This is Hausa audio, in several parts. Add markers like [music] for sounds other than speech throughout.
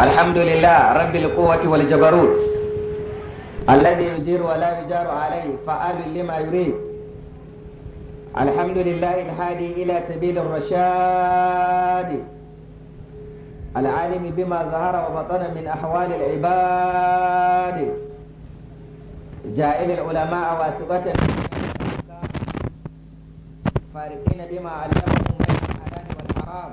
الحمد لله رب القوة والجبروت الذي يجير ولا يجار عليه فعال لما يريد الحمد لله الهادي إلى سبيل الرشاد العالم بما ظهر وبطن من أحوال العباد جائل العلماء واسطة فارقين بما علمهم من الحلال والحرام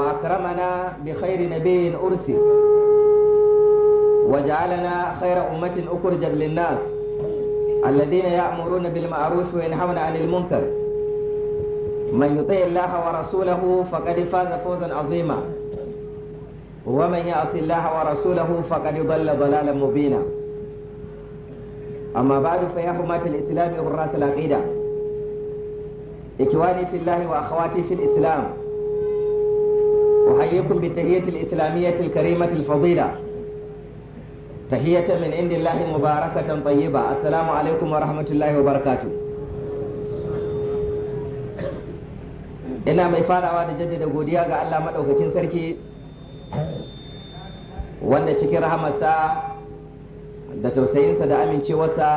وأكرمنا بخير نبي أرسل وجعلنا خير أمة أخرجت للناس الذين يأمرون بالمعروف وينهون عن المنكر من يطيع الله ورسوله فقد فاز فوزا عظيما ومن يعص الله ورسوله فقد ضل ضلالا مبينا أما بعد فيا حماة الإسلام والراس العقيدة إخواني في الله وأخواتي في الإسلام أحييكم بالتحية الإسلامية الكريمة الفضيلة تحية من عند الله مباركة طيبة السلام عليكم ورحمة الله وبركاته ina mai farawa da jaddada godiya ga Allah maɗaukakin sarki wanda cikin rahamarsa da tausayinsa da amincewarsa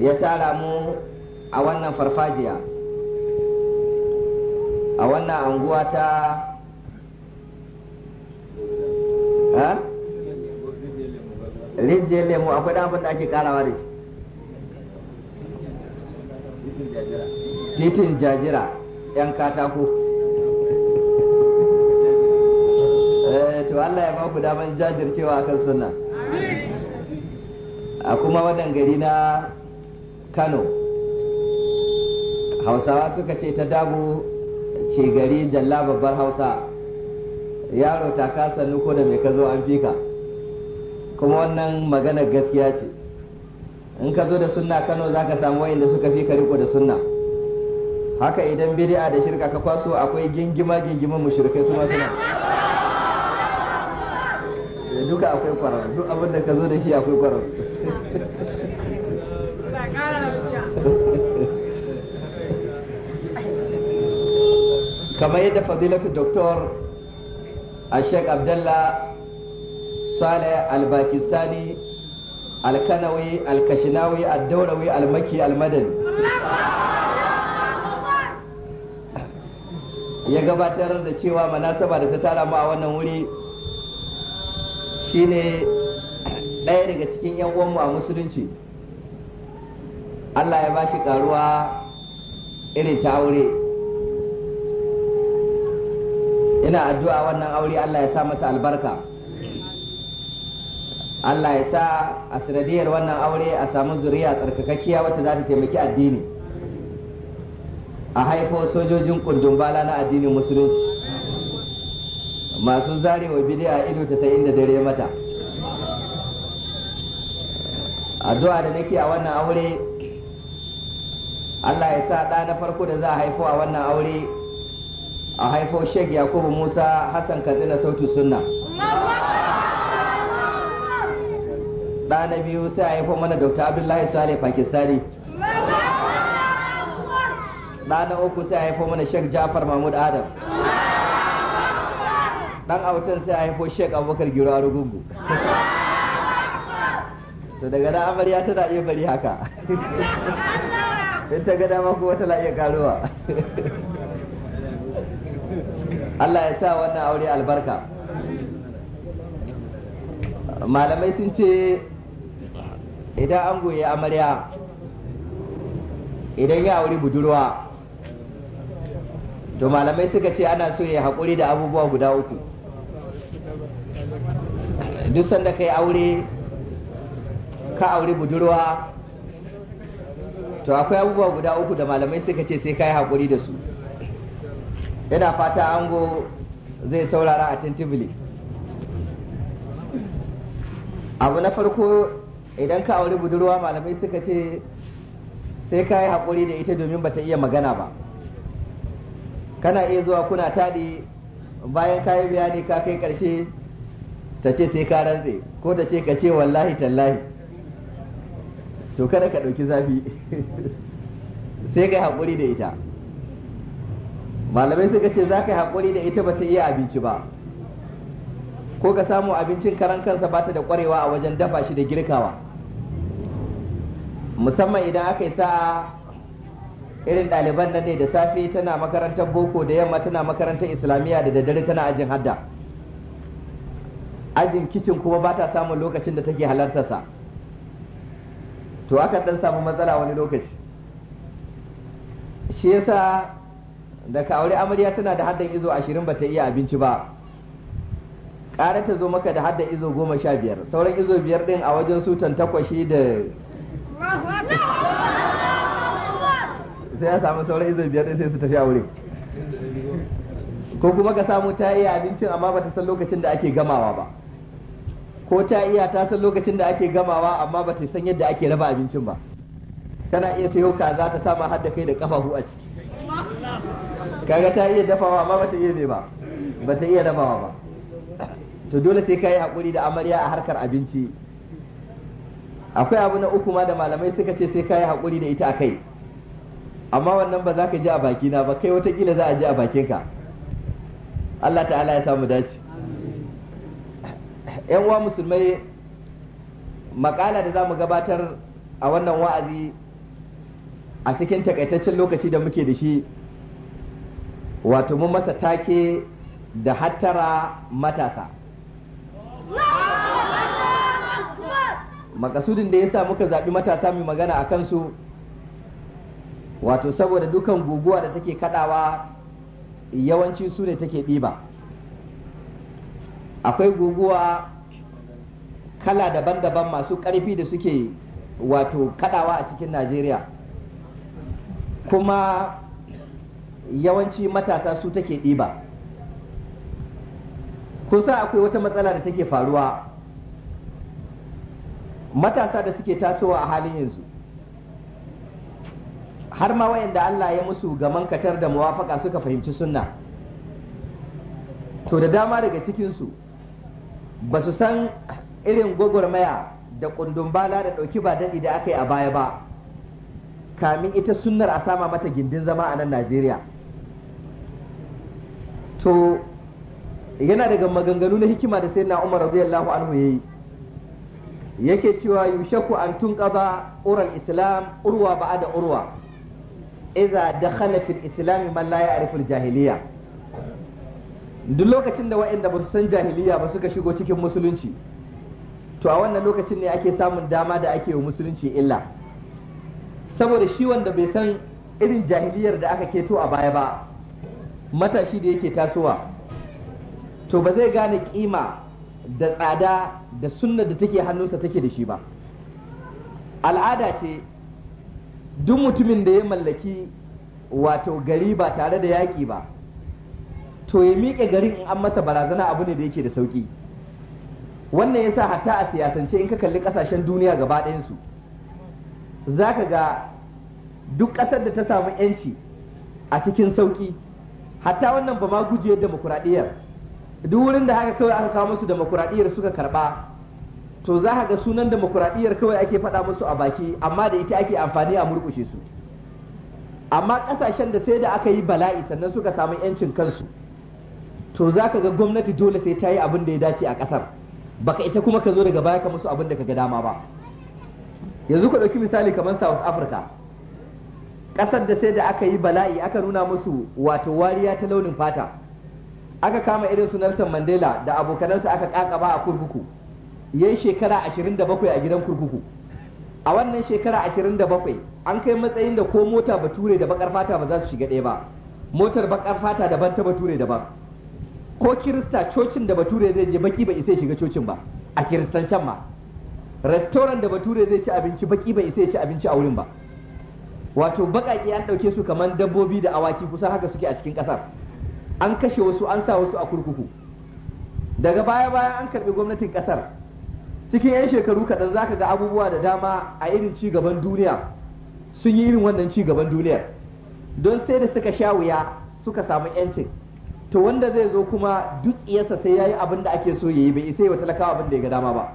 ya tara mu a wannan farfajiya a wannan anguwa ta rijiyar lemu akwai da abin ake karawa da shi titin jajira yan katako eh, to Allah ya baku daman jajircewa akan sunna a kuma wadan gari na Kano hausawa suka ce ta dabu ke gari jalla babbar hausa yaro ta kasa nuko da mai ka zo an fika kuma wannan magana gaskiya ce in ka zo da sunna kano za ka samu wayanda suka fi riko da sunna haka idan bidi'a da shirka ka kwaso akwai gingima gingima mu mushrikai su masu nan eh, duka akwai kwararru duk abin da ka zo da shi akwai kwararru [laughs] kamar yadda fadilatu doktor a sheik abdallah saleh al al alkanawi al-maki al almadani ya gabatar da cewa manasaba da ta tara mu a wannan wuri shine ɗaya daga cikin yan uwanmu a musulunci Allah ya ba shi karuwa irin ta aure ina addu'a wannan aure Allah ya sa masa albarka Allah ya sa a sanadiyar wannan aure a samu zuriya tsarkakakkiya wacce za ta taimaki addini a haifo sojojin kundumbala na addinin musulunci masu zarewa bidiya ido ta sayin da dare mata addu'a da nake a wannan aure Allah ya sa ɗa na farko da za a haifo a wannan aure a haifo sheik Yakubu Musa Hassan Katsina sautu sunna ɗa na biyu sai a haifo mana Dr. Abdullahi Saleh Pakistani ɗa na uku sai a haifo mana sheik Jafar Mahmud Adam ɗan autan sai a haifo sheik Abubakar Giro Arugungu to daga da amarya tana iya bari haka [laughs] in ta gada ma kuma tana iya karuwa [laughs] Allah ya sa wannan aure albarka malamai sun ce idan an goye amarya idan ya aure budurwa to malamai suka ce ana so ya haƙuri da abubuwa guda uku duk sanda ka yi aure ka aure budurwa to akwai abubuwa guda uku da malamai suka ce sai ka yi haƙuri da su yana fata ango zai saurara a tintibili abu na farko idan ka auri budurwa malamai suka ce sai ka yi haƙuri da ita domin ba ta iya magana ba kana iya zuwa kuna taɗi bayan ka yi bayani ka kai ƙarshe ta ce sai ka rantse ko ta ce ka ce wallahi tallahi to kada ka ɗauki zafi [laughs] sai ka yi haƙuri da ita malamai suka ce za ka yi haƙuri da ita ba ta iya abinci ba ko ka samu abincin karan kansa ba ta da ƙwarewa a wajen dafa shi da girkawa musamman idan aka yi sa'a irin ɗaliban nan ne da safe tana makarantar boko da yamma tana makarantar islamiyya da daddare tana ajin hadda ajin kicin kuma ba ta samun lokacin da take halartarsa to aka ɗan samu matsala wani lokaci shi yasa da ka aure amarya tana da haddan izo ashirin ba ta iya abinci ba ƙara ta zo maka da haddan izo goma sha biyar sauran izo biyar ɗin a wajen sutan takwashi da sai ya samu sauran izo biyar ɗin sai su tafi aure ko kuma ka samu ta iya abincin amma ba ta san lokacin da ake gamawa ba ko ta iya ta san lokacin da ake gamawa amma ba ta san yadda ake raba abincin ba Tana iya sayo kaza ta sama hadda kai da kafafu a ciki kaga ta iya dafawa amma bata iya me ba bata iya dafawa ba to dole sai ka yi hakuri da amarya a harkar abinci akwai abu na uku ma da malamai suka ce sai ka yi hakuri da ita a kai amma wannan ba za ka ji a baki na ba kai wataƙila za a ji a ka Allah ta'ala ya samu dace yan uwa musulmai makala da za mu gabatar a wannan wa'azi a cikin takaitaccen lokaci da muke da shi wato mun masa take da hattara matasa makasudin da ya sa muka zaɓi matasa mai magana a kansu wato saboda dukan guguwa da take kadawa yawanci su ne take ɗiba akwai guguwa kala daban-daban masu ƙarfi da suke wato kadawa a cikin najeriya kuma yawanci matasa su take ɗiba Kun sa akwai wata matsala da take faruwa matasa da suke tasowa a halin yanzu har ma wayanda Allah ya musu gaman katar da muwafaka suka fahimci sunna to da dama daga cikinsu ba su san irin gwagwarmaya da ƙundumbala da ɗauki ba daɗi da aka yi a baya ba kamin ita sunnar a sama mata gindin zama a nan Najeriya to yana daga maganganu na hikima da sai na Umar radiyallahu anhu yi yake cewa yushaku an ƙaba ural islam urwa da urwa iza da khalafin islam man la ya'rifu jahiliya duk lokacin da waɗanda ba su san jahiliya ba suka shigo cikin musulunci to a wannan lokacin ne ake samun dama da ake yi musulunci illa saboda shi wanda bai san irin jahiliyar da aka keto a baya ba matashi da yake tasowa to ba zai gane kima da tsada da sunna da take hannunsa take da shi ba al'ada ce duk mutumin da ya mallaki wato gari ba tare da yaƙi ba to ya miƙe garin in an masa barazana abu ne da yake da sauƙi wannan ya sa hatta a siyasance in ka kalli ƙasashen duniya gaba ɗayansu za ka ga duk ƙasar da ta samu 'yanci a cikin sauƙi hatta wannan ba ma gujiyar demokuraɗiyyar duk wurin da haka kawai aka kawo musu demokuraɗiyyar suka karɓa to za ka ga sunan demokuraɗiyyar kawai ake faɗa musu a baki amma da ita ake amfani a murkushe su amma ƙasashen da sai da aka yi bala'i sannan suka samu 'yancin kansu to za ka ga gwamnati dole sai ta yi abin da ya dace a ƙasar baka isa kuma ka zo daga baya ka musu abin da ka ga dama ba yanzu ka ɗauki misali kamar south africa ƙasar da sai da aka yi bala'i aka nuna musu wato wariya ta launin fata aka kama irin su Nelson Mandela da abokanansa aka kakaba a kurkuku yayi shekara 27 a gidan kurkuku a wannan shekara 27 an kai matsayin da ko mota bature da bakar fata ba za su shiga ɗaya ba motar bakar fata daban ta bature daban ko kirista cocin da bature zai je baki ba isa shiga cocin ba a kiristancan ma restoran da bature zai ci abinci baki ba isa ya ci abinci a wurin ba wato baƙaƙe an ɗauke su kamar dabbobi da awaki kusan haka suke a cikin ƙasar an kashe wasu an sa wasu a kurkuku daga baya baya an karɓi gwamnatin ƙasar cikin 'yan shekaru kaɗan zaka ga abubuwa da dama a irin ci gaban duniya sun yi irin wannan ci gaban duniyar don sai da suka sha wuya suka samu 'yancin to wanda zai zo kuma dutsiyarsa sai ya yi abin da ake so ya yi bai isa yi wa talakawa abin da ya ga dama ba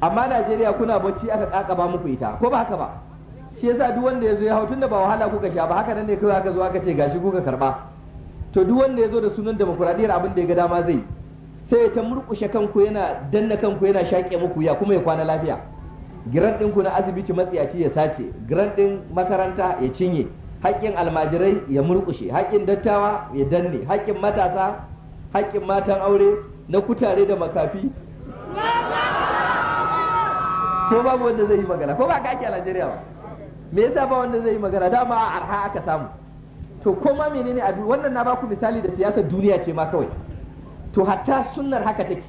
amma najeriya kuna bacci aka kakaba muku ita ko ba haka ba shi yasa duk wanda ya zo ya hau da ba wahala kuka sha ba haka nan ne kawai aka zo aka ce gashi kuka karba to duk wanda ya zo da sunan demokuraɗiyar abin da ya ga dama zai sai ta murkushe kanku yana danna kanku yana shaƙe muku ya kuma ya kwana lafiya giran ku na asibiti matsiyaci ya sace giran din makaranta ya cinye haƙƙin almajirai ya murkushe haƙƙin dattawa ya danne haƙƙin matasa haƙƙin matan aure na kutare da makafi ko babu wanda zai yi magana ko ba ka ake a Najeriya ba me yasa ba wanda zai yi magana dama a arha aka samu to koma menene abin wannan na baku misali da siyasar duniya ce ma kawai to hatta sunnar haka take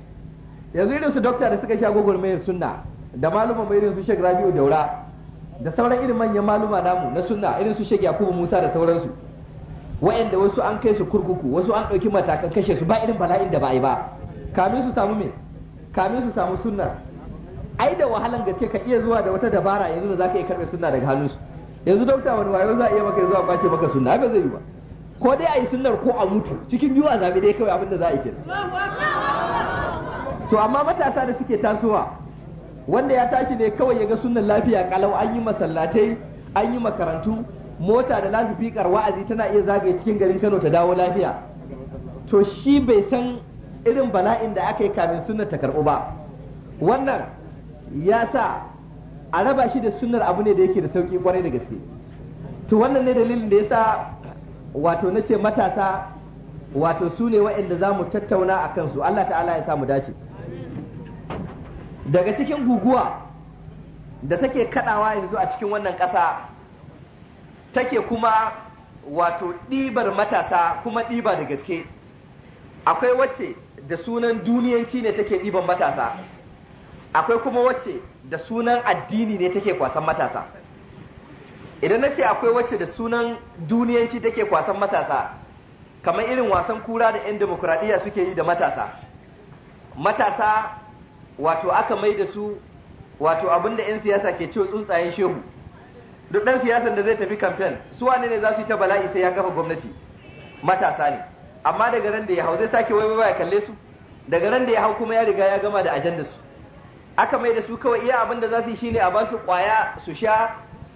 yanzu irin su dokta da suka sha gwagwarmayar sunna da maluma mai irin su shek rabi'u daura da sauran irin manyan maluma namu na sunna irin su shek yakubu musa da sauransu wa'anda wasu an kai su kurkuku wasu an ɗauki matakan kashe su ba irin bala'in da ba yi ba kamin su samu me kamin su samu sunnar ai da wahalan gaske ka iya zuwa da wata dabara yanzu da zaka iya karbe sunna daga hannunsu yanzu dokta wani wayo za a iya maka zuwa kwace maka sunna ba zai yi ba ko dai a yi sunnar ko a mutu cikin biyu a zabi dai kawai abinda za a yi kenan to amma matasa da suke tasowa wanda ya tashi ne kawai ya ga sunnan lafiya kalau an yi masallatai an yi makarantu mota da lasifikar wa'azi tana iya zagaye cikin garin Kano ta dawo lafiya to shi bai san irin bala'in da aka yi kamin sunnar ta karɓu ba wannan ya sa a raba shi da sunnar abu ne da yake da sauƙi kwarai da gaske to wannan ne dalilin da ya sa wato na ce matasa wato su ne waɗanda za mu tattauna a kansu Allah ta'ala ya samu dace daga cikin guguwa da take kaɗawa yanzu a cikin wannan ƙasa take kuma wato ɗibar matasa kuma ɗiba da gaske akwai wacce da sunan duniyanci ne take ɗiban matasa akwai kuma wacce da sunan addini ne take kwasan matasa idan na ce akwai wacce da sunan duniyanci take kwasan matasa kamar irin wasan kura da 'yan demokuraɗiyya suke yi da matasa matasa wato aka mai da su wato abinda 'yan siyasa ke cewa tsuntsayen shehu duk ɗan siyasan da zai tafi kamfen su wane ne za su yi ta bala'i sai ya kafa gwamnati matasa ne amma daga ran da ya hau zai sake wai ya kalle su daga ran da ya hau kuma ya riga ya gama da ajandar su aka mai da su kawai iya abin da za su yi shine a basu su kwaya su sha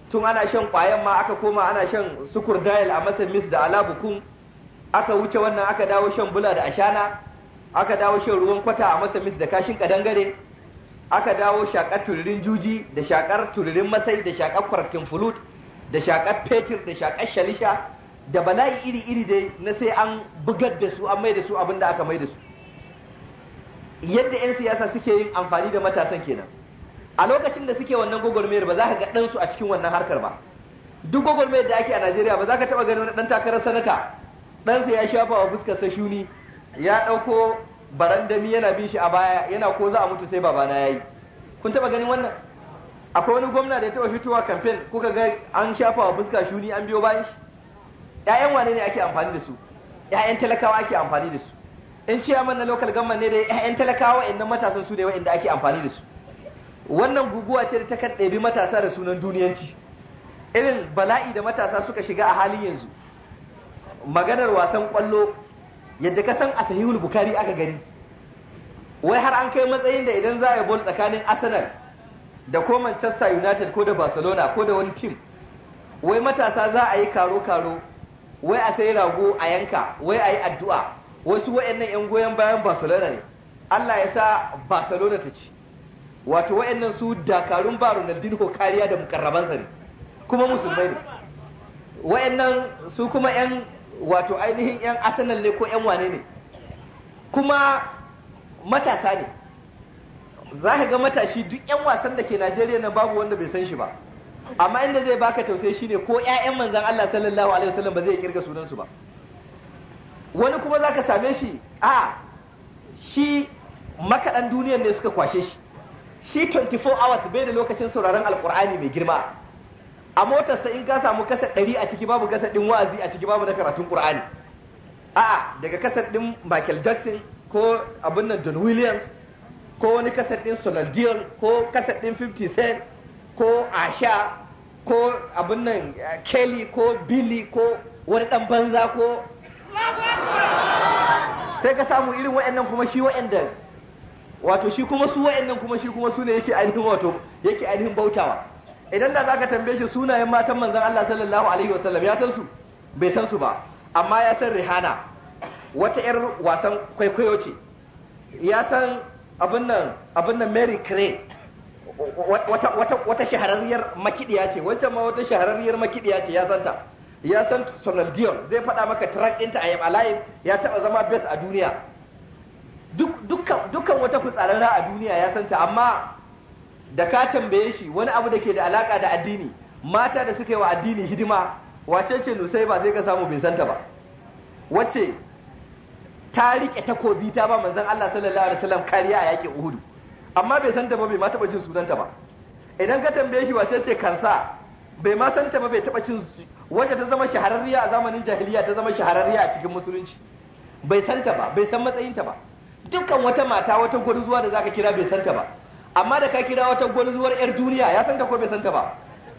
tun ana shan kwayan ma aka koma ana shan sukur dayal a masa mis da alabukun aka wuce wannan aka dawo shan bula da ashana aka dawo shan ruwan kwata a masa mis da kashin kadangare aka dawo shakar tururin juji da shakar tururin masai da shakar kwartin fulut da shakar fetur da shakar shalisha da bala'i iri-iri dai na sai an bugar da su an mai da su abin da aka mai da su yadda 'yan siyasa suke yin amfani da matasan kenan a lokacin da suke wannan gwagwarmayar ba za ka ga ɗansu a cikin wannan harkar ba duk gwagwarmayar da ake a najeriya ba za ka taɓa ganin ɗan takarar sanata ɗansa ya shafa wa fuskar sa shuni ya ɗauko barandami yana bin shi a baya yana ko za a mutu sai babana ya yi kun taɓa ganin wannan akwai wani gwamna da ya taɓa fitowa kamfen kuka ga an shafa wa fuska shuni an biyo bayan shi 'ya'yan wane ne ake amfani da su 'ya'yan talakawa ake amfani da su in ciya na local government ne da 'ya'yan talakawa inda matasan su da inda ake amfani da su wannan guguwa ce da takan bi matasa da sunan duniyanci irin bala'i da matasa suka shiga a halin yanzu maganar wasan kwallo yadda ka san a sahihul bukari aka gani wai har an kai matsayin da idan za a yi bol tsakanin arsenal da ko manchester united ko da barcelona ko da wani tim wai matasa za a yi karo-karo wai a sai rago a yanka wai a yi addu'a wasu wa'annan 'yan goyon bayan barcelona ne allah ya sa barcelona ta ci wato wa'annan su dakarun ba ronaldinho kariya da mukarrabansa ne kuma musulmai ne wa'annan su kuma 'yan wato ainihin 'yan arsenal ne ko 'yan wane ne kuma matasa ne za ka ga matashi duk 'yan wasan da ke najeriya na babu wanda bai san shi ba amma inda zai baka tausayi shine ko 'ya'yan manzan allah sallallahu alaihi wasallam ba zai kirga sunansu ba wani kuma za ka same shi a shi makaɗan duniyan ne suka kwashe shi shi 24 hours bai da lokacin sauraron alkur'ani mai girma a motarsa in ka samu kasa ɗari a ciki babu kasa ɗin wa'azi a ciki babu na karatun ƙur'ani a'a daga kasa ɗin michael jackson ko abin nan john williams ko wani kasa ɗin sonal dion ko kasa ɗin 50 cent ko asha ko abin nan eh, kelly ko billy ko wani ɗan banza ko sai ka samu irin waɗannan kuma shi waɗanda wato shi kuma su waɗannan kuma shi kuma su ne yake ainihin wato yake ainihin bautawa idan da zaka tambaye shi sunayen matan manzon Allah sallallahu alaihi wasallam ya san su bai san su ba amma ya san Rihanna wata yar wasan kwaikwayo ce ya san abin nan abin nan Mary Cray wata wata wata shahararriyar makidiya ce wancan ma wata shahararriyar makidiya ce ya santa ya san sonar Dion zai faɗa maka track ɗinta a Alive ya taɓa zama best a duniya dukkan wata fitsararra a duniya ya santa amma da ka tambaye shi wani abu da ke da alaka da addini mata da suka yi wa addini hidima wace ce nusai ba sai ka samu bai santa ba wacce ta riƙe takobi ta ba manzan Allah sallallahu alaihi wasallam kariya a yaƙin Uhudu amma bai santa ba bai ma taɓa jin sunanta ba idan ka tambaye shi wace ce kansa bai ma santa ba bai taɓa cin wacce ta zama shahararriya a zamanin jahiliya ta zama shahararriya a cikin musulunci bai santa ba bai san matsayinta ba dukkan wata mata wata gwarzuwa da zaka kira bai santa ba amma da ka kira wata gwarzuwar yar duniya ya santa ko bai santa ba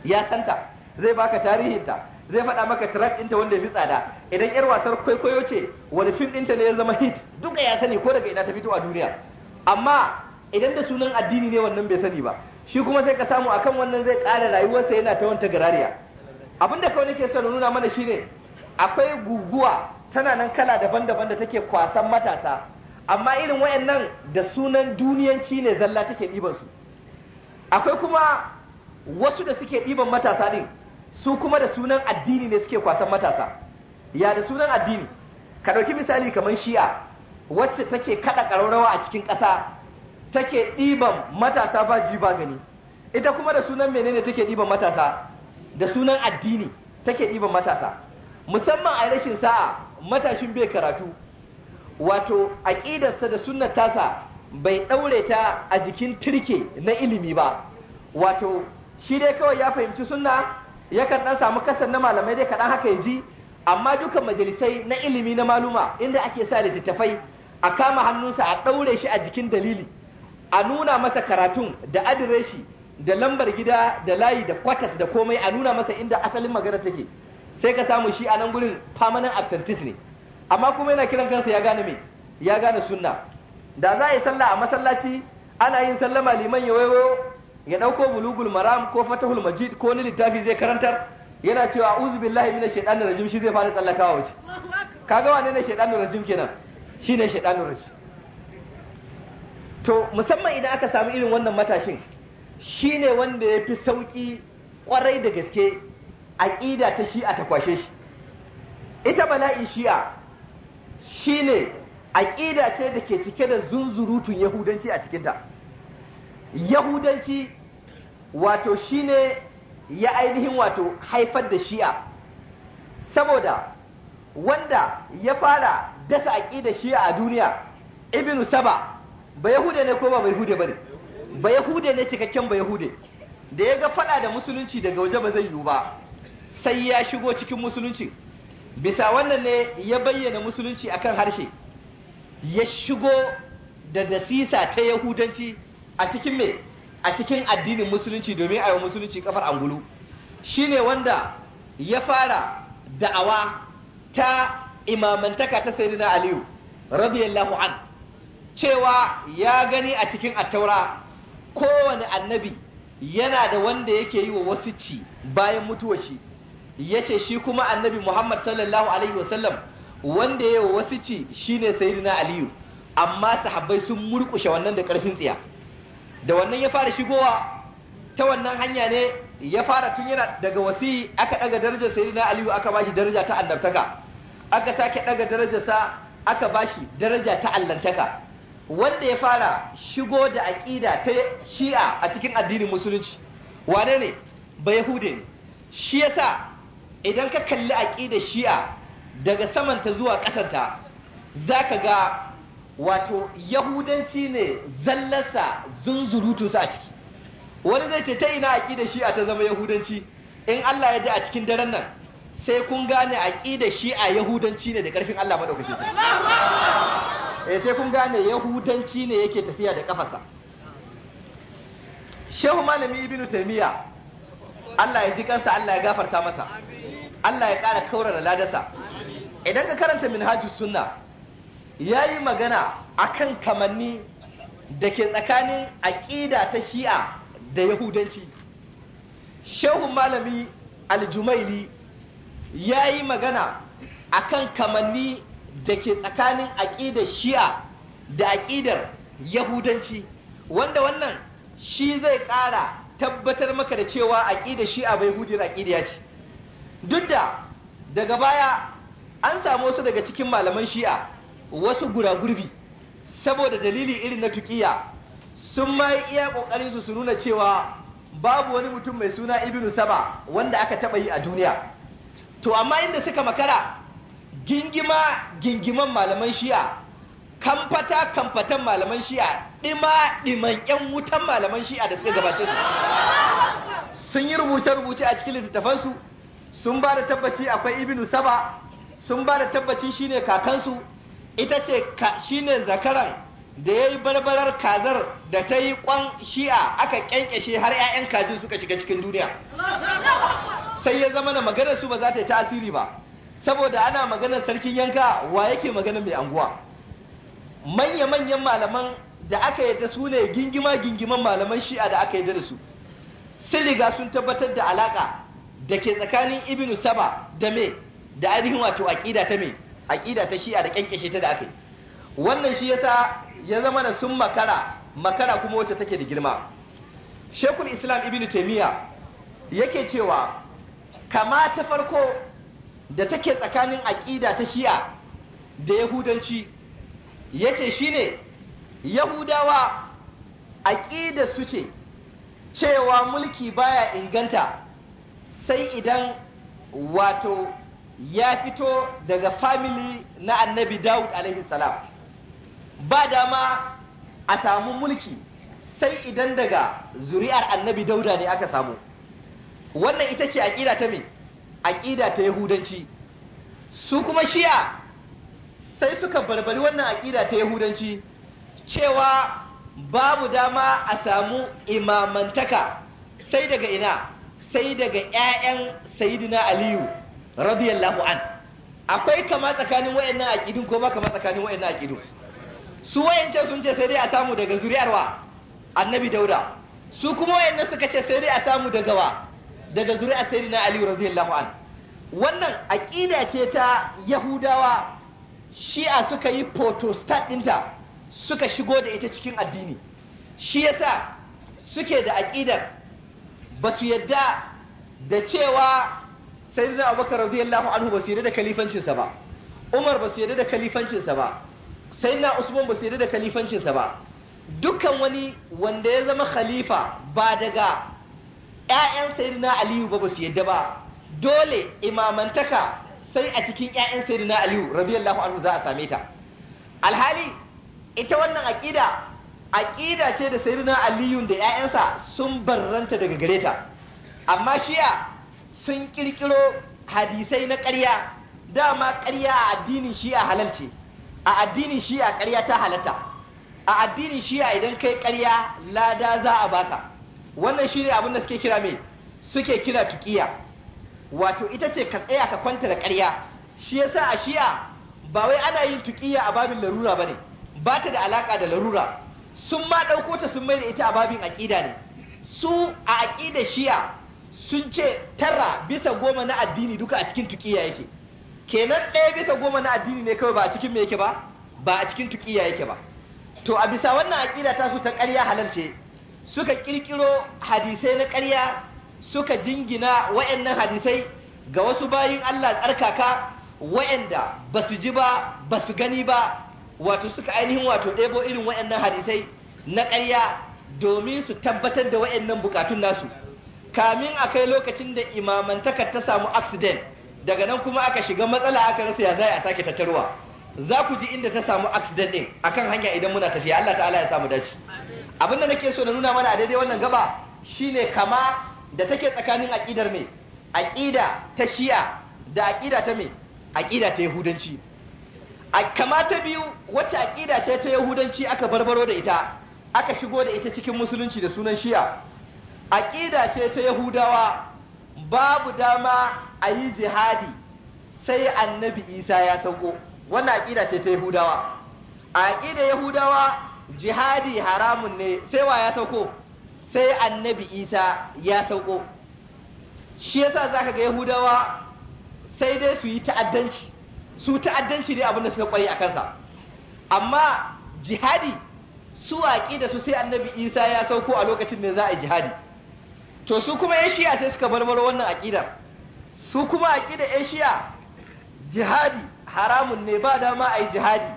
ya santa zai baka tarihin ta. zai faɗa maka track ɗinta wanda ya fi tsada idan yar wasar kwaikwayo ce wani fim ɗinta ne ya zama hit duka ya sani ko daga ina ta fito a duniya amma idan da sunan addini ne wannan bai sani ba shi kuma sai ka samu akan wannan zai ƙara rayuwarsa yana ta wanta garariya abin da kawai nake so na nuna mana shine akwai guguwa tana nan kala daban-daban da take kwasan matasa amma irin wayannan da sunan duniyanci ne zalla take ɗiban su akwai kuma wasu da suke ɗiban matasa din su kuma da sunan addini ne suke kwasan matasa ya da sunan addini ka ɗauki misali kamar shi'a wacce take kaɗa ƙararrawa a cikin ƙasa take ɗiban matasa ba ji ba gani ita kuma da sunan menene take ɗiban matasa da sunan addini take ɗiban matasa musamman a rashin sa'a matashin bai karatu wato aƙidarsa da sunan tasa bai ɗaure ta a jikin turke na ilimi ba wato shi dai kawai ya fahimci sunna yakan ɗan samu kasar na malamai dai kaɗan haka ya ji amma dukan majalisai na ilimi na maluma inda ake sa littattafai a kama hannunsa a ɗaure shi a jikin dalili a nuna masa karatun da adireshi da lambar gida da layi da kwatas da komai a nuna masa inda asalin magana take sai ka samu shi a nan gurin permanent absentee ne amma kuma yana kiran kansa ya gane me ya gane sunna da za a yi sallah a masallaci ana yin sallama liman ya wayo ya dauko bulugul maram ko fatahul majid ko ni littafi zai karantar yana cewa a'udhu billahi minash shaitanir rajim shi zai fara tsallakawa waje kaga wane ne shaitanir rajim kenan shine shaitanir rajim to musamman idan aka samu irin wannan matashin shi ne wanda ya fi sauƙi ƙwarai da gaske aƙida ta shi'a ta kwashe shi ita bala'i shi'a shi ne aƙida ce da ke cike da zunzurutun yahudanci a cikinta yahudanci wato shi ne ya ainihin wato haifar da shi'a saboda wanda ya fara dasa aƙida shi'a a duniya ibn saba ba yahuda ne ko ba bai hude ba ne ba yahude ne cikakken ba yahude da ya ga fada da musulunci daga waje ba zai yiwu ba sai ya shigo cikin musulunci bisa wannan ne ya bayyana musulunci akan harshe ya shigo da dasisa ta yahudanci a cikin me a cikin addinin musulunci domin a yi musulunci kafar angulu shine wanda ya fara da'awa ta imamantaka ta sayyidina aliyu radiyallahu an cewa ya gani a cikin attaura kowane annabi yana da wanda yake yi wa wasu ci bayan mutuwar shi ya ce shi kuma annabi Muhammad sallallahu alaihi wasallam wanda ya yi wa wasu ci shine sayyidina Aliyu amma sahabbai sun murkushe wannan da karfin tsiya da wannan ya fara shigowa ta wannan hanya ne ya fara tun yana daga wasi aka daga darajar sayyidina Aliyu aka bashi daraja ta annabtaka aka sake ɗaga darajarsa aka bashi daraja ta allantaka wanda ya fara shigo da aƙida ta shi'a a cikin addinin musulunci wane ne ba yahude ne shi yasa idan ka kalli aƙidar shi'a daga samanta zuwa ƙasanta za ka ga wato yahudanci ne zallarsa su a ciki wani zai ce ta ina aƙidar shi'a ta zama yahudanci in Allah ya ji a cikin daren nan sai kun gane aƙidar shi'a yahudanci ne da ƙarfin Allah maɗaukaki eh sai kun gane yahudanci ne yake tafiya da kafasa shehu malami ibnu taymiya Allah ya ji kansa Allah ya gafarta masa Allah ya ƙara kaurara ladarsa idan ka karanta minhajus sunna yayi magana akan kamanni da ke tsakanin aƙida ta shi'a da yahudanci Shehu malami aljumaili ya yi magana akan kamanni da ke tsakanin aƙidar shi'a da aƙidar yahudanci wanda wannan shi zai ƙara tabbatar maka da cewa aƙidar shi'a bai hujjar aƙidiya ce duk da daga baya an samu wasu daga cikin malaman shi'a wasu guragurbi saboda dalili irin na tukiya sun ma iya ƙoƙarin su nuna cewa babu wani mutum mai suna ibnu saba wanda aka taɓa yi a duniya to amma inda suka makara gingima gingiman malaman shi'a kamfata kamfatan malaman shi'a dima diman yan wutan malaman shi'a da suka gabace su sun yi rubuce-rubuce a cikin littattafansu sun ba da tabbaci akwai ibnu saba sun ba da tabbaci shine kakansu ita ce shine zakaran da ya yi barbarar kazar da ta yi kwan shi'a aka kyankyashe har 'ya'yan kajin suka shiga cikin duniya sai ya zama na maganar su ba za ta yi tasiri ba saboda ana maganar sarkin yanka wa yake maganar mai anguwa manya-manyan malaman da aka yadda su ne gingima-gingiman malaman shi'a da aka yadda da su sun riga sun tabbatar da alaka da ke tsakanin ibinu saba da me da ainihin wato aƙida ta me aƙida ta shi'a da ƙyanƙyashe ta da aka yi wannan shi yasa ya zama da sun makara makara kuma wacce take da girma shekul islam ibnu taimiyya yake cewa kama ta farko da take tsakanin aƙida ta shi'a da yahudanci ya ce shine yahudawa aƙida su ce cewa mulki baya inganta sai idan wato ya fito daga famili na annabi dawud salam ba dama a samu mulki sai idan daga zuri'ar annabi dauda ne aka samu wannan ita ce aƙida ta me aƙida ta yahudanci su kuma shiya sai suka barbari wannan aƙida ta yahudanci cewa babu dama a samu imamantaka sai daga ina sai daga 'ya'yan Sayyidina aliyu radiyallahu an akwai kama tsakanin wayannan aƙidun ko ba kama tsakanin wayannan aƙidun su wayancan sun ce sai dai a samu daga zuri'arwa, annabi dauda su kuma wayannan suka ce sai dai a samu daga wa daga zuri'ar sayyidina ali radiyallahu an wannan aƙida ce ta yahudawa shi'a suka yi photostat ɗinta suka shigo da ita cikin addini shi yasa suke da aƙidar ba su yadda da cewa sayyidina abubakar radiyallahu anhu ba su yadda da kalifancinsa ba umar ba su yadda da kalifancinsa ba sayyidina usman ba su yadda da kalifancinsa ba dukkan wani wanda ya zama khalifa ba daga 'ya'yan sayidina aliyu ba ba su yadda ba dole imamantaka sai a cikin 'ya'yan sayidina aliyu radiyallahu anhu za a same ta alhali ita wannan aƙida aƙida ce da sayidina aliyu da 'ya'yansa sun barranta daga gare ta amma shiya sun ƙirƙiro hadisai na ƙarya dama ƙarya a addinin shi'a halal ce a addinin shi'a ƙarya ta halatta a addinin shi'a idan kai ƙarya lada za a baka wannan shine abin da suke kira me suke kira tuƙiya wato ita ce ka tsaya ka kwanta da ƙarya shi yasa a shi'a ba wai ana yin tuƙiya a babin larura ba ne ba ta da alaka da larura sun ma ɗauko ta sun mai da ita a babin aƙida ne su a aƙida shi'a sun ce tara bisa goma na addini duka a cikin tuƙiya yake kenan ɗaya bisa goma na addini ne kawai ba a cikin me yake ba ba a cikin tuƙiya yake ba to a bisa wannan aƙida ta su ta ƙarya halal ce suka kirkiro hadisai na ƙarya suka jingina wayannan hadisai ga wasu bayin Allah tsarkaka wayanda ba su ji ba ba su gani ba wato suka ainihin wato ɗebo irin nan hadisai na ƙarya domin su tabbatar da wayannan bukatun nasu kamin a kai lokacin da imamantakar ta samu accident daga nan kuma aka shiga matsala aka rasa ya zai a sake tattarwa za ku ji inda ta samu accident a akan hanya idan muna tafiya Allah ta'ala ya samu dace abin da nake so na nuna mana a daidai wannan gaba shine kama da take tsakanin aƙidar me aƙida ta shi'a da aƙida ta me aƙida ta yahudanci a kama ta biyu wacce aƙida ce ta yahudanci aka barbaro da ita aka shigo da ita cikin musulunci da sunan shi'a aƙida ce ta yahudawa babu dama a yi jihadi sai annabi isa ya sauko wannan aƙida ce ta yahudawa a aƙida yahudawa jihadi haramun ne sai wa ya sauko sai annabi isa ya sauko shi yasa zaka ga yahudawa sai dai su yi ta'addanci su ta'addanci dai abinda suka kware a kansa amma jihadi su waƙi da su sai annabi isa ya sauko a lokacin da za a yi jihadi to su kuma yan shi'a sai suka barbaro wannan aƙidar su kuma aƙidar yan shi'a jihadi haramun ne ba dama a yi jihadi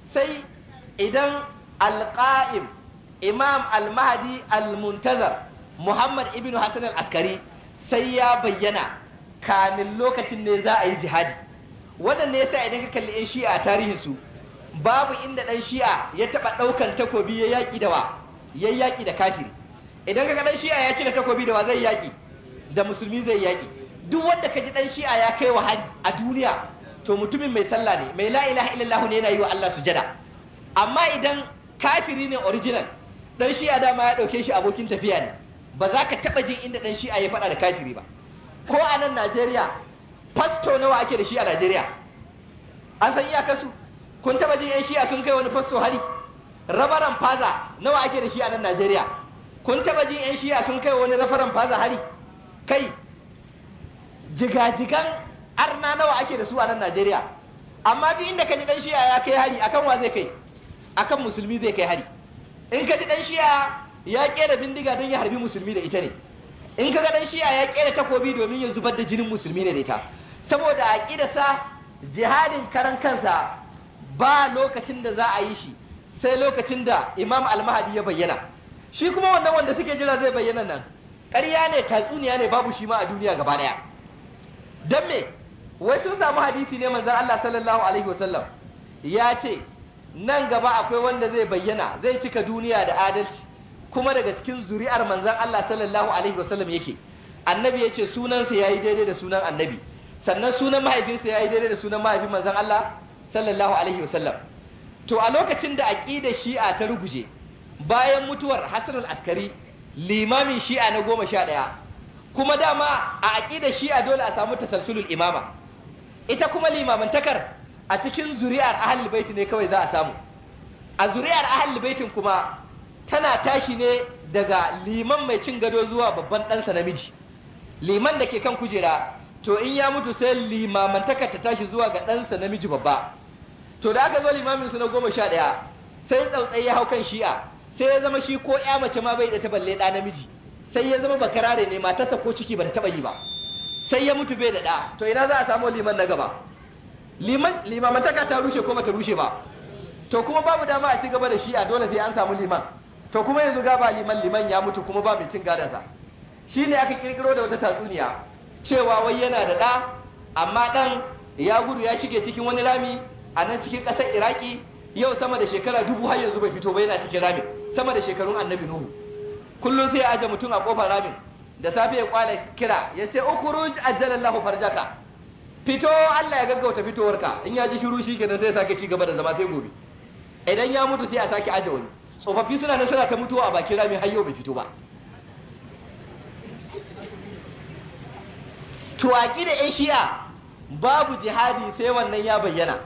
sai idan Al-Qa'im, imam al-mahdi al-muntazar muhammad ibnu hasan al-askari sai ya bayyana kamin lokacin ne za yi jihadi wadanne yasa idan ka kalli yan shi'a tarihin su babu inda ɗan shi'a ya taba ɗaukan takobi ya yaƙi da wa ya yaki da kafiri idan ka ɗan shi'a ya ci da takobi da wa zai yaki da musulmi zai yaki duk wanda ka ji ɗan shi'a ya kai wa hari a duniya to mutumin mai sallah ne mai la ilaha illallah ne yana yi wa Allah sujada amma idan kafiri ne original dan shi'a dama ya dauke shi abokin tafiya ne ba za ka taba jin inda dan shi'a ya faɗa da kafiri ba ko a nan Najeriya fasto nawa ake da shi a Najeriya an san su kun taba jin yan shi'a sun kai wani fasto hari rabaran faza nawa ake da shi a nan Najeriya kun taba jin yan shi'a sun kai wani rafaran faza hari kai jigajigan arna nawa ake da su a nan Najeriya amma duk inda ka ji dan shi'a ya kai hari akan wa zai kai akan musulmi zai kai hari in ka ji dan shi'a ya kera bindiga don ya harbi musulmi da ita ne in ka ga dan shi'a ya kera takobi domin ya zubar da jinin musulmi ne da ita saboda sa jihadin karan kansa ba lokacin da za a yi shi sai lokacin da imam Al-mahdi ya bayyana shi kuma wannan wanda suke jira zai bayyana nan ƙarya ne tatsuniya ne babu shi ma a duniya gaba daya. don me wai sun samu hadisi ne manzon Allah sallallahu alaihi wasallam ya ce nan gaba akwai wanda zai bayyana zai cika duniya da adalci kuma daga cikin zuri'ar manzan Allah sallallahu alaihi wasallam yake annabi ya ce sunansa ya yi daidai da sunan annabi sannan sunan mahaifinsa ya yi daidai da sunan mahaifin manzan Allah sallallahu alaihi wasallam to a lokacin da aƙida shi'a ta ruguje bayan mutuwar hasarar askari limamin shi'a na goma sha ɗaya kuma dama a aƙida shi'a dole a samu tasalsulul imama ita kuma limamantakar a cikin zuri'ar ahlul baiti ne kawai za a samu a zuri'ar ahlul baitin kuma tana tashi ne daga liman mai cin gado zuwa babban ɗansa namiji liman da ke kan kujera to in ya mutu sai limamantakar ta tashi zuwa ga ɗansa namiji babba to da aka zo limamin su na goma sha ɗaya sai tsautsai ya hau kan shi'a sai ya zama shi ko ya mace ma bai da ta balle ɗa namiji sai ya zama bakarare ne matarsa ko ciki ba ta taɓa yi ba sai ya mutu bai da ɗa to ina za a samu liman na gaba limamantaka ta rushe ko bata rushe ba to kuma babu dama a ci gaba da a dole sai an samu liman to kuma yanzu ga ba liman liman ya mutu kuma ba mai cin gadansa ne aka kirkiro da wata tatsuniya cewa wai yana da ɗa amma ɗan ya gudu ya shige cikin wani rami a nan cikin ƙasar iraki yau sama da shekara dubu har yanzu bai fito ba yana cikin ramin sama da shekarun annabi nuhu kullum sai ya aje mutum a kofar ramin da safe ya kwala kira ya ce ukuruj ajalallahu farjaka fito Allah ya gaggauta fitowarka in ya ji shiru shi kenan sai ya sake ci gaba da zama sai gobe idan ya mutu sai a sake aje wani tsofaffi suna nan suna ta mutuwa a bakin rami har yau bai fito ba tuwaki da yan shi'a babu jihadi sai wannan ya bayyana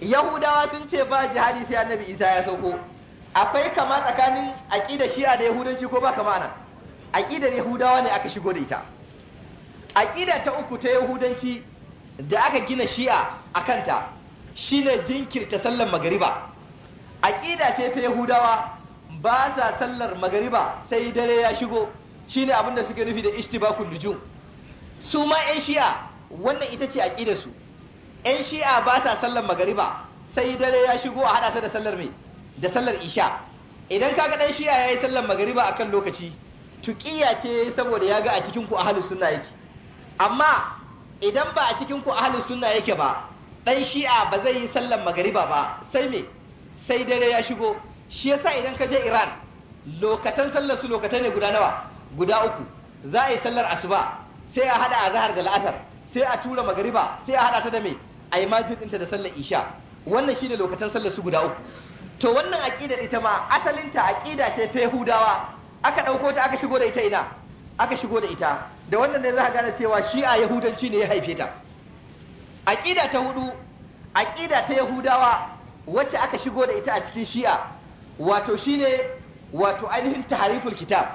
yahudawa sun ce ba jihadi sai annabi isa ya sauko akwai kama tsakanin aƙidar shi'a da yahudanci ko ba kama nan aƙidar yahudawa ne aka shigo da ita aƙida ta uku ta yahudanci da aka gina shi'a a kanta shi ne jinkirta sallar magariba aƙida ce ta yahudawa ba sa sallar magariba sai dare ya shigo ne abin da suke nufi da ishtibakul nujum su ma 'yan shi'a wannan ita ce aƙida su 'yan shi'a ba sa sallar magariba sai dare ya shigo a haɗa da sallar mai da sallar isha idan kaga ɗan shi'a ya yi sallar magariba akan lokaci tuƙiya ce saboda ya ga a cikin ku ahlus sunna yake amma idan ba a cikin ku ahlus sunna yake ba dan shi'a ba zai yi sallan magariba ba sai me sai dare ya shigo shi yasa idan ka je Iran lokatan sallar su lokatai ne guda nawa guda uku za a yi sallar asuba sai a hada azhar da la'asar sai a tura magariba sai a hada ta da me a yi majid ɗinta da sallar isha wannan shine lokatan sallar su guda uku to wannan aqida ita ma asalinta aqida ce ta Yahudawa aka dauko ta aka shigo da ita ina aka shigo da ita da wannan ne za ka gane cewa shi'a yahudanci ne ya haife ta aqida ta hudu aqida ta yahudawa wacce aka shigo da ita a cikin shi'a wato shine wato ainihin tahariful kitab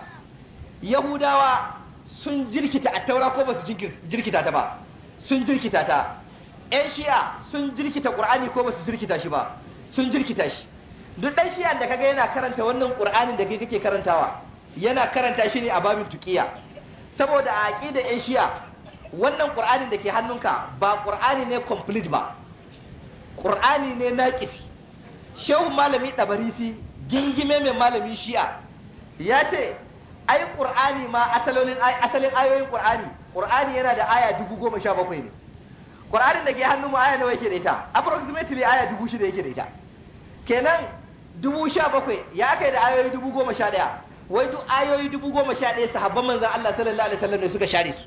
yahudawa sun jirkita a taura ko ba su jirkita ta ba sun jirkita ta ‘yan shi'a sun jirkita ƙur'ani ko ba su jirkita shi ba sun jirkita shi duk ɗan shi'a da kaga yana karanta wannan ƙur'anin da kai kake karantawa yana karanta shi ne a babin tukiya saboda a aqida yan shiya wannan qur'anin da ke hannunka ba qur'ani ne complete ba qur'ani ne naqisi shehu malami dabarisi gingime mai malami shi'a ya ce ai qur'ani ma asalolin asalin ayoyin qur'ani qur'ani yana da aya dubu goma sha bakwai ne qur'anin da ke hannun mu aya nawa yake da ita approximately aya dubu shida yake da ita kenan dubu sha bakwai ya kai da ayoyi dubu goma sha daya wai duk ayoyi dubu goma sha ɗaya sahabban manzan Allah sallallahu alaihi wasallam ne suka share su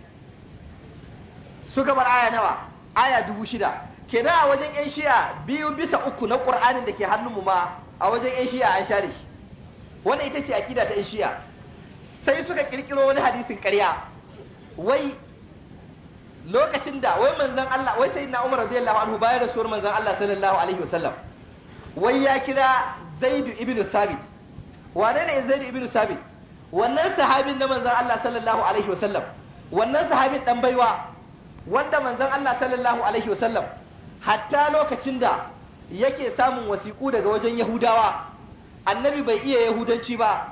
suka bar aya nawa aya dubu shida kenan a wajen yan shiya biyu bisa uku na qur'anin da ke hannun mu ma a wajen yan shiya an share shi wannan ita ce aqida ta yan shiya. sai suka kirkiro wani hadisin ƙarya wai lokacin da wai manzan Allah wai sayyidina Umar radiyallahu anhu bayan rasuwar manzan Allah sallallahu alaihi wasallam wai ya kira Zaid ibn Sabit wane ne zaid ibn sabit wannan sahabin da manzon Allah sallallahu alaihi wasallam wannan sahabin dan baiwa wanda manzon Allah sallallahu alaihi wasallam hatta lokacin da yake samun wasiƙu daga wajen yahudawa annabi bai iya yahudanci ba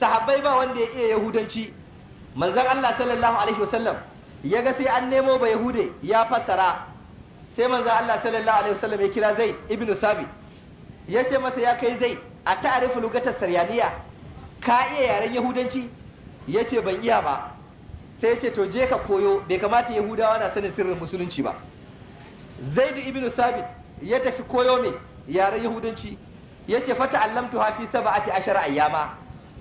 sahabbai ba wanda ya iya yahudanci manzon Allah sallallahu alaihi wasallam ya ga sai an nemo ba yahude ya fassara sai manzon Allah sallallahu alaihi wasallam ya kira zaid ibnu sabit ya ce masa ya kai zaid a ta'arifu lugatar saryaniya ka iya yaren yahudanci yace ban iya ba sai yace to je ka koyo bai kamata yahudawa na sanin sirrin musulunci ba zaidu ibn sabit ya tafi koyo mai yaren yahudanci yace fata allamtu hafi sab'ati ashara ayyama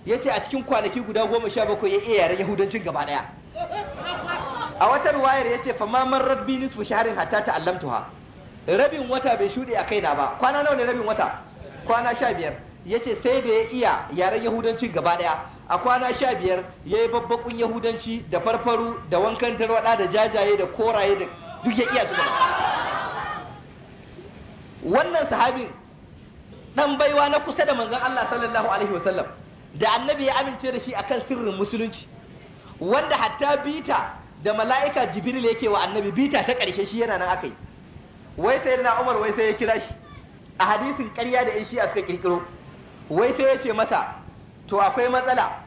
yace a cikin kwanaki guda goma sha bakwai ya iya yaren yahudancin gaba daya a wata ruwayar yace fa ma man rabbi nisfu shahrin hatta ta'allamtuha rabin wata bai shuɗe a kai na ba kwana nawa ne rabin wata kwana sha biyar ya ce sai da ya iya yaren yahudanci gaba daya a kwana sha biyar ya yi babbakun yahudanci da farfaru da wankan tarwada da jajaye da koraye da duk ya iya su gaba wannan sahabin dan baiwa na kusa da manzon Allah sallallahu alaihi wasallam da annabi ya amince da shi akan sirrin musulunci wanda hatta bita da mala'ika jibril yake wa annabi bita ta karshe shi yana nan aka yi wai sai na umar wai sai ya kira shi a hadisin ƙarya da 'yan shi'a suka ƙirƙiro wai sai ya ce masa to akwai matsala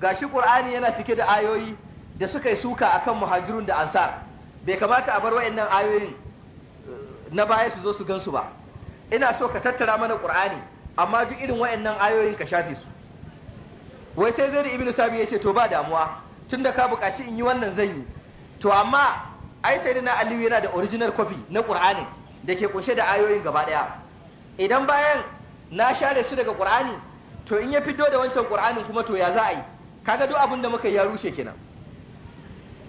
Ga shi qur'ani yana cike da ayoyi da suka yi suka akan muhajirun da ansar bai kamata a bar wayannan ayoyin eh, na baya su zo su gansu ba ina so ka tattara mana qur'ani amma duk irin wayannan ayoyin ka shafe su wai sai zai da ibnu sabi ya ce to ba damuwa tunda ka buƙaci in yi wannan zan yi to amma ai sai na aliyu yana da original copy na qur'ani da ke kunshe da ayoyin gaba daya idan bayan na share su daga ƙur'ani? to in ya fito da wancan qur'anin kuma to ya za a yi kaga duk abin da muka yi ya rushe kenan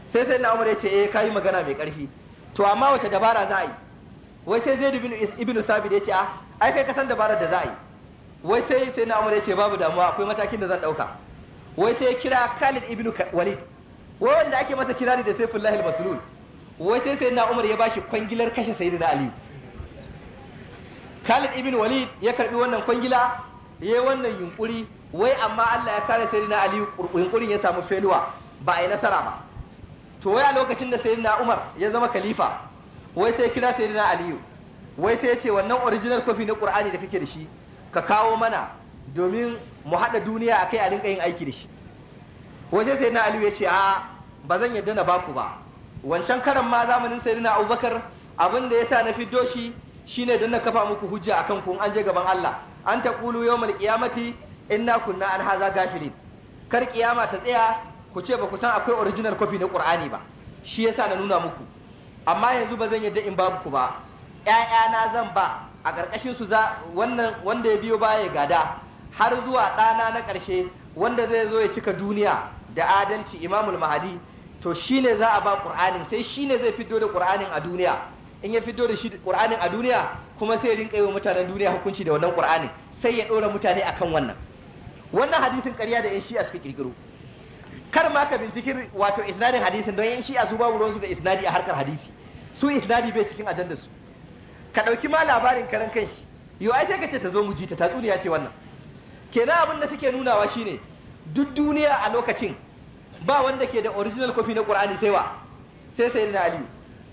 sai sai na umar ya ce eh kai magana mai karfi to amma wace dabara za a yi wai sai zai ibn ibn sabit ya ce ah ai kai kasan dabarar da za a yi wai sai sai na umar ya ce babu damuwa akwai matakin da zan dauka wai sai ya kira Khalid ibn Walid wai wanda ake masa kirari da Saifullah al-Maslul wai sai sai na umar ya bashi kwangilar kashe sayyidina Ali Khalid ibn Walid ya karbi wannan kwangila yayi wannan yunkuri wai amma Allah ya kare sayyidina Ali yunkurin ya samu feluwa ba ai nasara ba to wai a lokacin da sayyidina Umar ya zama khalifa wai sai kira sayyidina Ali wai sai ya ce wannan original copy na Qur'ani da kake da shi ka kawo mana domin mu hada duniya akai a rinka yin aiki da shi wai sai sayyidina Ali ya ce a ba zan yadda na baku ba wancan karan ma zamanin sayyidina Abubakar abin da yasa na fiddo shi shine don na kafa muku hujja akan ku an je gaban Allah an taqulu yawmal qiyamati inna kunna an haza gafilin kar kiyama ta tsaya ku ce ba ku san akwai original copy na Qur'ani ba shi yasa na nuna muku amma yanzu ba zan yadda in babu ku ba na zan ba a ƙarƙashin su za wannan wanda ya biyo baya gada har zuwa ɗana na ƙarshe wanda zai zo ya cika duniya da adalci imamul mahadi to shine za a ba ƙur'anin sai shi ne zai fito da ƙur'anin a duniya in ya fito da shi Qur'anin a duniya kuma sai ya rinka yi wa mutanen duniya hukunci da wannan Qur'anin sai ya ɗora mutane akan wannan wannan hadisin ƙarya da yan shi'a suka kirkiro kar ma ka bincikin wato isnadin hadisin don yan shi'a su babu ruwansu da isnadi a harkar hadisi su isnadi bai cikin ajandar su ka ɗauki ma labarin karan kanshi yo ai sai ka ce ta zo mu ji ta tatsuniya ce wannan kenan abin da suke nunawa shine duk duniya a lokacin ba wanda ke da original copy na Qur'ani sai wa sai sayyidina Aliyu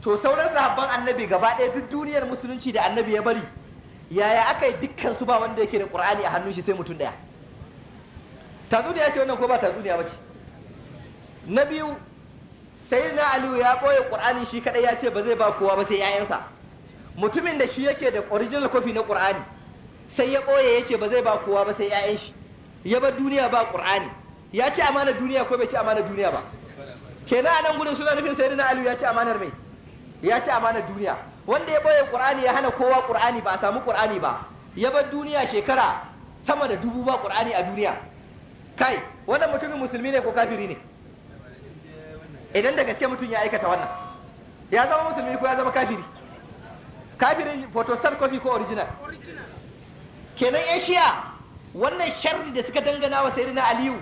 to sauran sahabban annabi gaba ɗaya duk duniyar musulunci da annabi ya bari yaya aka yi dukkan su ba wanda yake da qur'ani a hannun shi sai mutum ɗaya. tatsuniya ce wannan ko ba tatsuniya ba ce na biyu sai na aliyu ya ɓoye qur'ani shi kaɗai ya ce ba zai ba kowa ba sai 'ya'yansa mutumin da shi yake da original copy na qur'ani sai ya ɓoye ya ce ba zai ba kowa ba sai 'ya'yan shi ya bar duniya ba qur'ani ya ce amana duniya ko bai ce amana duniya ba kenan a nan gudun suna nufin sai na aliyu ya ce amanar mai ya ci amanar duniya wanda ya boye qur'ani ya hana kowa qur'ani ba a samu qur'ani ba ya bar duniya shekara sama da dubu ba qur'ani a duniya kai wannan mutumin musulmi ne ko kafiri ne idan da gaske mutum ya aikata wannan ya zama musulmi ko ya zama kafiri kafirin photostat copy ko original kenan yan wannan sharri da suka dangana wa sayyidina aliyu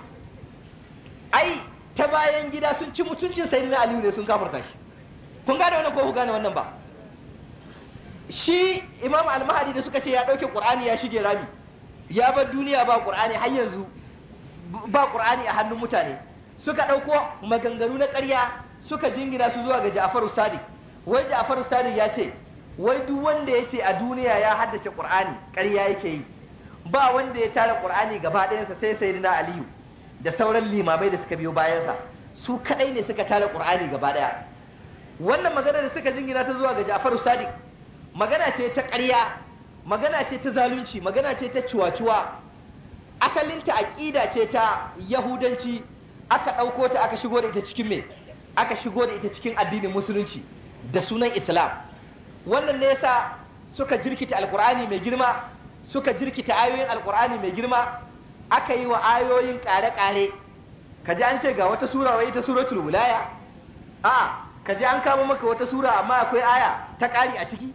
ai ta bayan gida sun ci mutuncin sayyidina aliyu ne sun kafirta shi kun gane wannan ko ku gane wannan ba shi imam al-mahdi da suka ce ya dauke qur'ani ya shige rabi ya bar duniya ba qur'ani har yanzu ba qur'ani a hannun mutane suka dauko maganganu na ƙarya suka jingina su zuwa ga Ja'faru Sadiq wai Ja'faru Sadiq ya ce wai duk wanda ya ce a duniya ya haddace qur'ani ƙarya yake yi ba wanda ya tara qur'ani gaba ɗayansa sai sayyidina Aliyu da sauran limamai da suka biyo bayansa su kadai ne suka tara qur'ani gaba ɗaya wannan magana da suka jingina ta zuwa ga Ja'far Sadiq magana ce ta ƙarya magana ce ta zalunci magana ce ta ciwaciwa asalinta aƙida ce ta yahudanci aka ɗauko ta aka shigo da ita cikin me aka shigo da ita cikin addinin musulunci da sunan islam wannan ne yasa suka jirkita alkur'ani mai girma suka jirkita ayoyin alkur'ani mai girma aka yi wa ayoyin kare ƙare kaji an ce ga wata sura wai ta suratul wilaya a ka je an kama maka wata sura amma akwai aya ta ƙari a ciki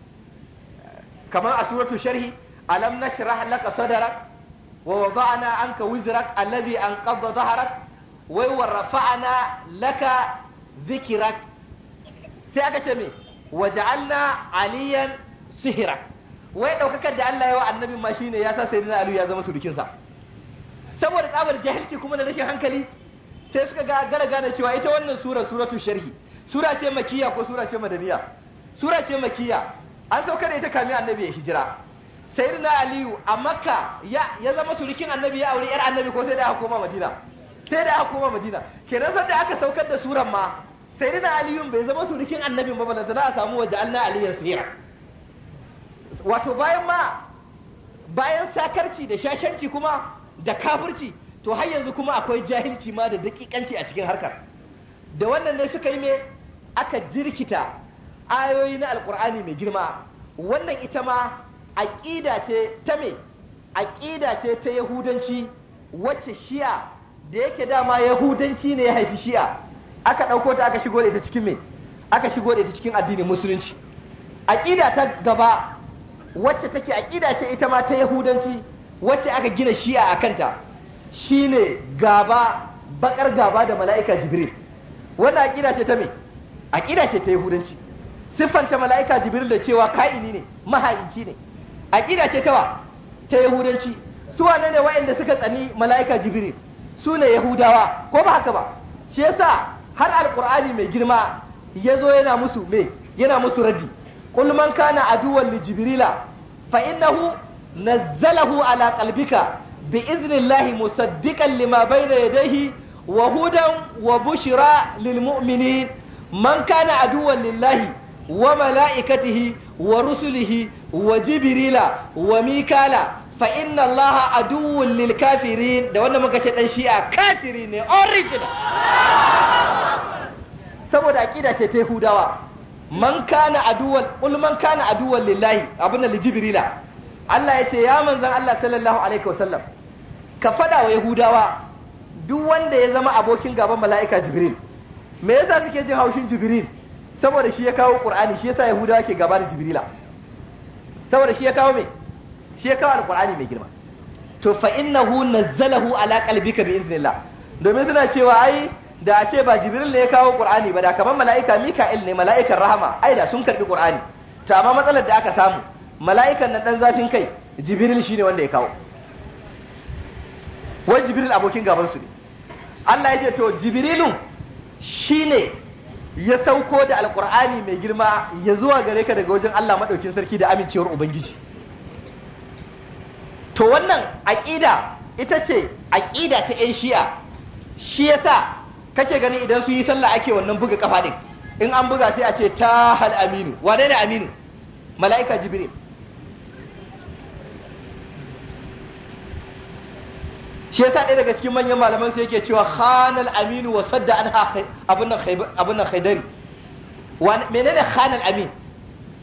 kamar a suratu sharhi alam nashrah laka sadrak wa wada'na anka wizrak alladhi anqadha dhahrak wa warafa'na laka dhikrak sai aka ce me waja'alna aliyan sihira wai daukakar da Allah ya wa annabi ma shine ya sa sayyidina Ali ya zama surukin sa saboda tsabar jahilci kuma da rashin hankali sai suka ga gara gane cewa ita wannan sura suratu sharhi sura ce makiyya ko sura ce madaniya sura ce makiyya an sauka da ita kamin annabi ya hijira sayyidina aliyu a makka ya zama surukin annabi ya aure yar annabi ko sai da aka koma madina sai da aka koma madina kenan san da aka saukar da suran ma sayyidina aliyu bai zama surukin annabi ba balantana a samu waje alna aliyan yi. wato bayan ma bayan sakarci da shashanci kuma da kafirci to har yanzu kuma akwai jahilci ma da dakikanci a cikin harkar da wannan ne suka yi me aka jirkita ayoyi na alkur'ani mai girma wannan ita ma aƙida ce ta me aƙida ce ta yahudanci wacce shi'a da yake dama yahudanci ne ya haifi shi'a aka ɗauko ta aka shigo da ita cikin me aka shigo da ita cikin addinin musulunci aƙida ta gaba wacce take aƙida ce ita ma ta yahudanci wacce aka gina shi'a a kanta shine gaba bakar gaba da mala'ika jibril wannan aƙida ce ta me aqida ce ta yahudanci siffanta mala'ika jibril da cewa ka'ini ne maha'inci ne aqida ce tawa ta yahudanci su wane ne waɗanda suka tsani mala'ika jibril su ne yahudawa ko ba haka ba shi yasa har alqur'ani mai girma yazo yana musu me yana musu raddi qul man kana aduwwan li jibrila fa innahu nazzalahu ala qalbika bi idnillahi musaddiqan lima bayna yadayhi wa hudan wa bushra lil mu'minin Manka na aduwan lillahi wa mala'ikatihi wa rusulihi wa jibrila wa mikala fa inna allaha aduwwun lil kafirin da wanda muka ce dan shi'a kafiri ne original saboda aqida ce ta hudawa man kana aduwan ul man kana li jibrila Allah ya ce ya manzan Allah sallallahu alaihi wasallam ka fada wa yahudawa duk wanda ya zama abokin gaban mala'ika jibril me yasa suke jin haushin jibril saboda shi ya kawo qur'ani shi yasa yahudawa ke gaba da jibrila saboda shi ya kawo me shi ya kawo alqur'ani mai girma to fa innahu nazzalahu ala qalbika bi iznillah domin suna cewa ai da a ce ba jibril ne ya kawo qur'ani ba da kamar mala'ika mika'il ne mala'ikan rahama ai da sun karbi qur'ani to amma matsalar da aka samu mala'ikan nan dan zafin kai jibril shine wanda ya kawo wai jibril abokin gaban su ne Allah ya ce to jibrilun Shi ne ya sauko da alkur'ani mai girma ya zuwa gare ka daga wajen Allah maɗaukin sarki da amincewar ubangiji to wannan aƙida ita ce aƙida ta 'yan shi'a shi ya yasa kake gani idan su yi sallah ake wannan buga kafa ɗin in an buga sai a ce ta hal aminu wane ne aminu mala'ika jibril shi yasa ɗaya daga cikin manyan malaman su yake cewa khanal aminu wa sadda an abin nan khaidari menene khanal amin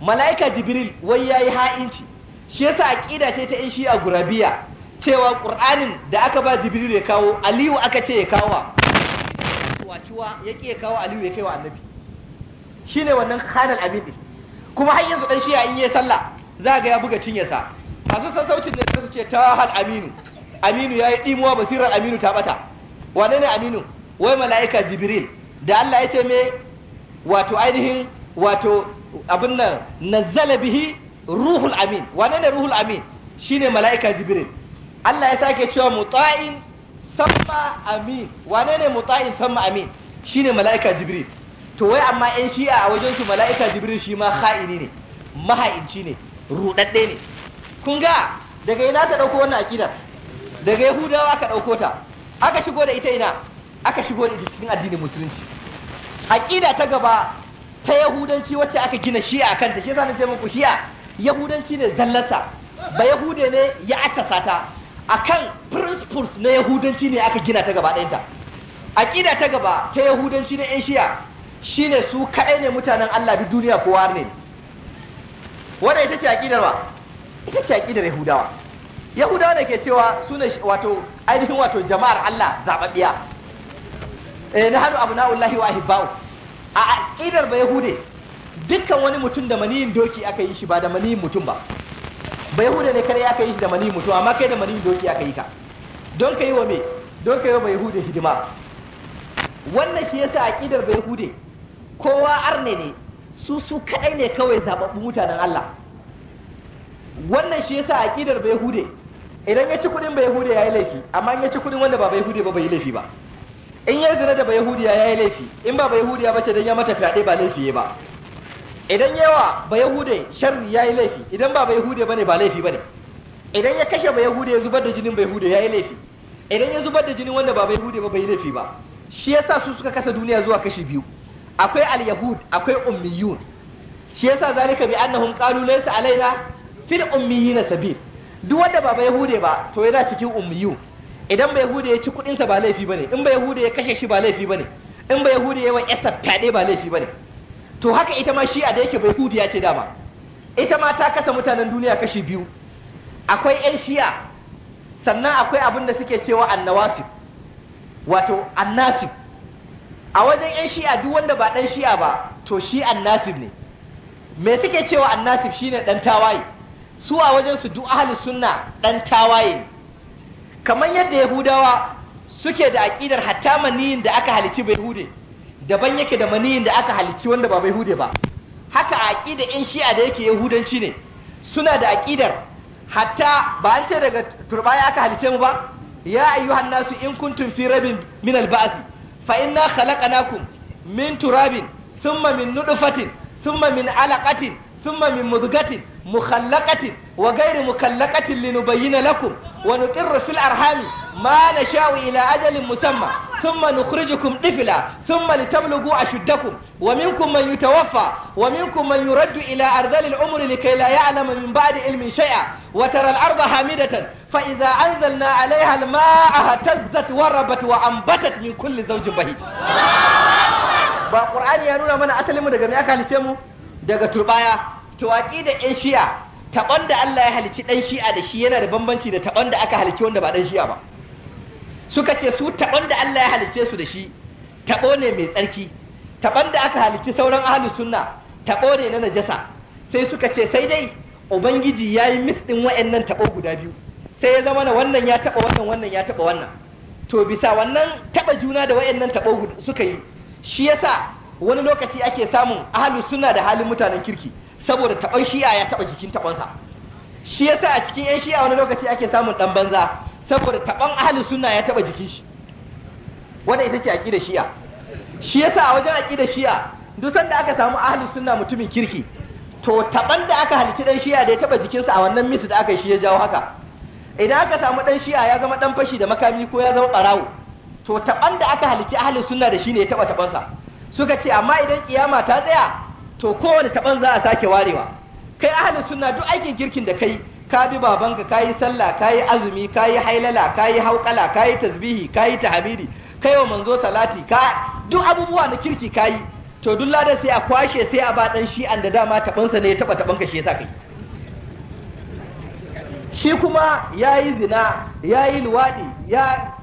mala'ika jibril wai yayi ha'inci shi yasa aqida ce ta in shi a gurabiya cewa qur'anin da aka ba jibril ya kawo aliyu aka ce ya kawo waciwa yake ya kawo aliyu ya kai wa annabi shine wannan khanal amin din kuma har yanzu dan shi ya in yi sallah za ga ya buga cinyarsa masu sassaucin ne su ce ta hal aminu aminu ya yi ɗimuwa basirar aminu ta ɓata wane ne aminu wai mala'ika jibril da Allah ya ce me wato ainihin wato abin nan nazzala bihi ruhul amin wane ne ruhul amin shine mala'ika jibril Allah ya sake cewa muta'in samma amin wane ne muta'in samma amin shine mala'ika jibril to wai amma yan shi'a a wajen su mala'ika jibril shi ma kha'ini ne maha'inci ne rudadde ne kun ga daga ina ta dauko wannan akidar daga yahudawa aka ɗauko ta aka shigo da ita ina aka shigo da ita cikin addinin musulunci aƙida ta gaba ta yahudanci wacce aka gina shi'a a kanta shi yasa ce muku shi'a yahudanci ne zallarsa ba yahude ne ya asasa ta akan principles na yahudanci ne aka gina ta gaba ɗayanta aƙida ta gaba ta yahudanci na yan shi'a shine su kaɗai ne mutanen Allah duk duniya kowa ne wannan ita ce aƙidar ba ita ce aƙidar yahudawa yahudawa ne ke cewa su ne wato ainihin wato jama'ar Allah zababbiya eh na hadu abu na'ullahi wa ahibba'u a aqidar ba yahude dukkan wani mutum da maniyin doki aka yi shi ba da maniyin mutum ba ba yahude ne kare aka yi shi da maniyin mutum amma kai da maniyin doki aka yi ka don ka yi wa me don ka yi wa ba yahude hidima wannan shi yasa aqidar ba yahude kowa arne ne su su kadai ne kawai zababbun mutanen Allah wannan shi yasa aqidar ba yahude idan ya ci kudin ba yahudiya ya yi laifi amma in ya ci kudin wanda ba ba yahudiya ba bai yi laifi ba in ya zina da ba yahudiya ya yi laifi in ba ba yahudiya ba ce don ya mata fyaɗe ba laifi ba idan yawa ba yahude sharri ya yi laifi idan ba ba yahude ba ne ba laifi ba ne idan ya kashe ba yahude ya zubar da jinin ba yahude ya yi laifi idan ya zubar da jinin wanda ba ba yahude ba bai laifi ba shi yasa su suka kasa duniya zuwa kashi biyu akwai al-yahud akwai ummiyun shi yasa zalika bi annahum qalu laysa alaina fil ummiyina sabil duk wanda ba yahude ba to yana cikin ummiyu idan ba yahude ya ci kudin sa ba laifi bane in ba yahude ya kashe shi ba laifi bane in ba yahude ya wa yasa fade ba laifi bane to haka ita ma shi'a da yake ba yahude ya ce dama ita ma ta kasa mutanen duniya kashi biyu akwai yan shi'a sannan akwai abin da suke cewa annawasib wato annasi a wajen yan shi'a duk wanda ba dan shi'a ba to shi annasib ne me suke cewa annasib shine dan tawaye su a wajen su duk ahli sunna dan tawaye kaman kamar yadda yahudawa suke da aƙidar hatta maniyin da aka halici bai hude daban yake da maniyin da aka halici wanda ba bai hude ba haka aƙidar in shi'a da yake yahudanci ne suna da aƙidar hatta ba an ce daga turbaya aka halice mu ba ya ayyuhan nasu in kuntum fi rabin min al-ba'th fa inna khalaqnakum min turabin thumma min nutfatin thumma min alaqatin thumma min mudghatin مخلقة وغير مخلقة لنبين لكم ونقر في الأرحام ما نشاء إلى أجل مسمى ثم نخرجكم طفلا ثم لتبلغوا أشدكم ومنكم من يتوفى ومنكم من يرد إلى أرذل العمر لكي لا يعلم من بعد علم شيئا وترى الأرض حامدة فإذا أنزلنا عليها الماء اهتزت وربت وأنبتت من كل زوج بهيج ba Qur'ani ya nuna mana asalin mu daga me aka halice mu daga turbaya to da ɗan shi'a taɓon da Allah ya halici ɗan shi'a da shi yana da bambanci da taɓon da aka halici wanda ba ɗan shi'a ba suka ce su taɓon da Allah ya halice su da shi taɓo ne mai tsarki taɓon da aka halici sauran ahli sunna taɓo ne na najasa sai suka ce sai dai ubangiji yayi mis din wa'annan taɓo guda biyu sai ya zama na wannan ya taɓa wannan wannan ya taɓa wannan to bisa wannan taɓa juna da wa'annan taɓo suka yi shi yasa wani lokaci ake samun ahli sunna da halin mutanen kirki saboda taɓon shi'a ya taɓa jikin taɓonsa shi yasa a cikin 'yan shi'a wani lokaci ake samun ɗan banza saboda taɓon ahalin sunna ya taɓa jikin shi wanda ita ce aƙidar shi'a shi yasa a wajen aƙidar shi'a duk sanda aka samu ahalin sunna mutumin kirki to taɓan da aka halitti ɗan shi'a da ya taɓa jikinsa a wannan misu da aka yi shi ya jawo haka idan aka samu ɗan shi'a ya zama ɗan fashi da makami ko ya zama ɓarawo to taɓan da aka halici ahalin suna da shi ne ya taɓa taɓansa suka ce amma idan kiyama ta tsaya to kowane taban za a sake warewa kai ahalin suna duk aikin kirkin da kai ka bi babanka ka yi sallah ka yi azumi ka yi hailala ka yi hauƙala ka yi tasbihi ka yi tahamidi ka yi wa manzo salati ka duk abubuwa na kirki ka yi to duk ladan sai a kwashe sai a ba dan shi an da dama taɓansa ne ya taba tabanka shi sa kai shi kuma ya yi zina ya yi luwaɗi ya